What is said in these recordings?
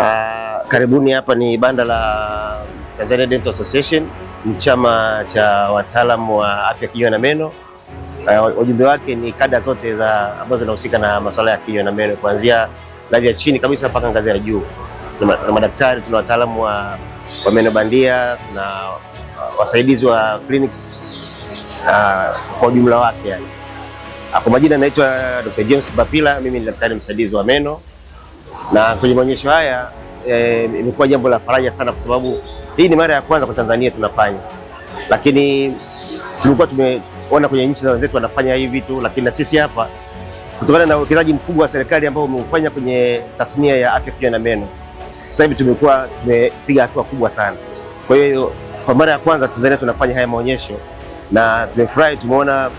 Ah, karibuni hapa ni banda la Tanzania Dental Association, chama cha wataalamu wa afya kinywa na meno. Wajumbe ah, uh, wake ni kada zote za ambazo zinahusika na masuala ya kinywa na meno, kuanzia ngazi ya chini kabisa mpaka ngazi ya juu. Tuna madaktari, tuna wataalamu wa, wa meno bandia, tuna wasaidizi wa clinics uh, kwa ujumla wake yani. Kwa majina naitwa Dr. James Bapila, mimi ni daktari msaidizi wa meno na kwenye maonyesho haya e, imekuwa jambo la faraja sana, kwa sababu hii ni mara ya kwanza kwa Tanzania tunafanya, lakini tulikuwa tumeona kwenye nchi za wenzetu wanafanya hivi vitu, lakini na sisi hapa kutokana na uwekezaji mkubwa wa serikali ambao umeufanya kwenye tasnia ya afya kinywa na meno, sasa hivi tumekuwa tumepiga hatua kubwa sana. Kwa hiyo kwa mara ya kwanza Tanzania tunafanya haya maonyesho na tumefurahi, tumeona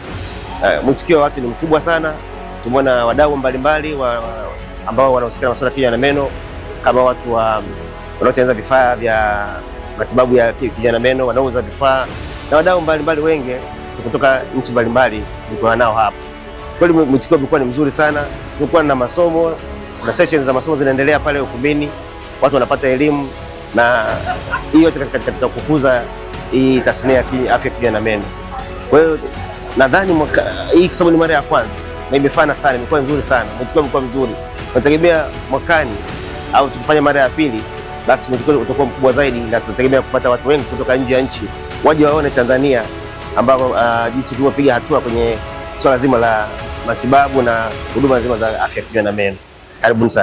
uh, mwitikio wa watu ni mkubwa sana, tumeona wadau mbalimbali wa, ambao wanahusika na masuala pia na meno kama watu wa wanaotengeneza vifaa vya matibabu ya kijana meno, wanauza vifaa na wadau mbalimbali wengi kutoka nchi mbalimbali tulikuwa nao hapa. Kweli mwitikio ulikuwa ni mzuri sana. Tulikuwa na masomo na sessions za masomo zinaendelea pale ukumbini, watu wanapata elimu na hiyo yote katika kukuza hii tasnia ya afya kijana meno. Kwa hiyo nadhani hii kwa sababu ni mara ya kwanza na imefana sana, imekuwa nzuri sana, mwitikio umekuwa mzuri. Tunategemea mwakani au tukifanya mara ya pili, basi mwitikio utakuwa mkubwa zaidi, na tunategemea kupata watu wengi kutoka nje ya nchi waje waone Tanzania ambapo uh, ah, jinsi tulivyopiga hatua kwenye swala so zima la matibabu na huduma zima za afya kinywa na meno. Karibuni sana.